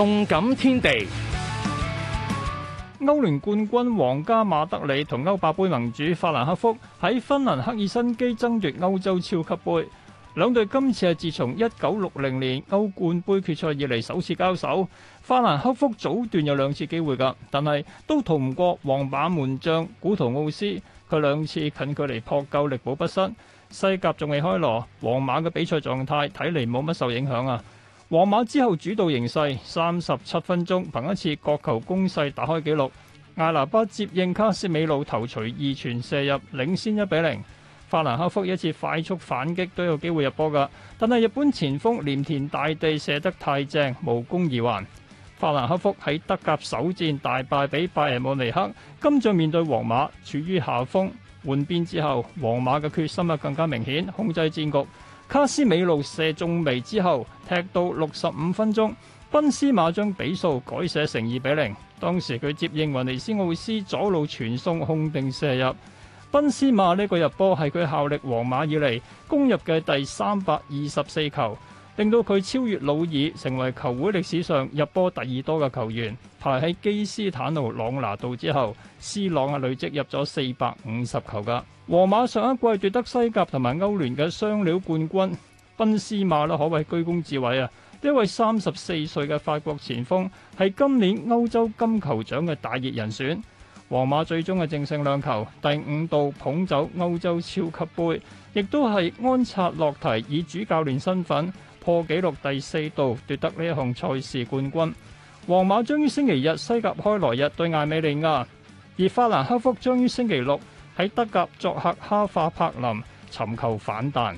動感天地，歐聯冠軍皇家馬德里同歐霸盃盟主法蘭克福喺芬蘭克爾辛基爭奪歐洲超級盃，兩隊今次係自從一九六零年歐冠盃決賽以嚟，首次交手。法蘭克福早段有兩次機會噶，但係都逃唔過皇馬門將古圖奧斯，佢兩次近距離撲救力保不失。西甲仲未開鑼，皇馬嘅比賽狀態睇嚟冇乜受影響啊。皇馬之後主導形勢，三十七分鐘憑一次角球攻勢打開紀錄，艾拿巴接應卡斯美路頭錘二傳射入，領先一比零。法蘭克福一次快速反擊都有機會入波噶，但係日本前鋒鐮田大地射得太正，無功而還。法蘭克福喺德甲首戰大敗俾拜仁慕尼黑，今仗面對皇馬處於下風，換邊之後皇馬嘅決心啊更加明顯，控制戰局。卡斯美路射中楣之後，踢到六十五分鐘，賓斯馬將比數改寫成二比零。當時佢接應雲尼斯奧斯左路傳送控定射入，賓斯馬呢個入波係佢效力皇馬以嚟攻入嘅第三百二十四球。令到佢超越魯爾，成為球會歷史上入波第二多嘅球員，排喺基斯坦奴朗拿度之後。斯朗啊，累積入咗四百五十球噶。皇馬上一季奪得西甲同埋歐聯嘅雙料冠軍，賓斯馬呢可謂居功至偉啊！呢位三十四歲嘅法國前鋒係今年歐洲金球獎嘅大熱人選。皇馬最終係淨勝兩球，第五度捧走歐洲超級杯，亦都係安察洛提以主教練身份破紀錄第四度奪得呢一項賽事冠軍。皇馬將於星期日西甲開鑼日對艾美利亞，而法蘭克福將於星期六喺德甲作客哈化柏林尋求反彈。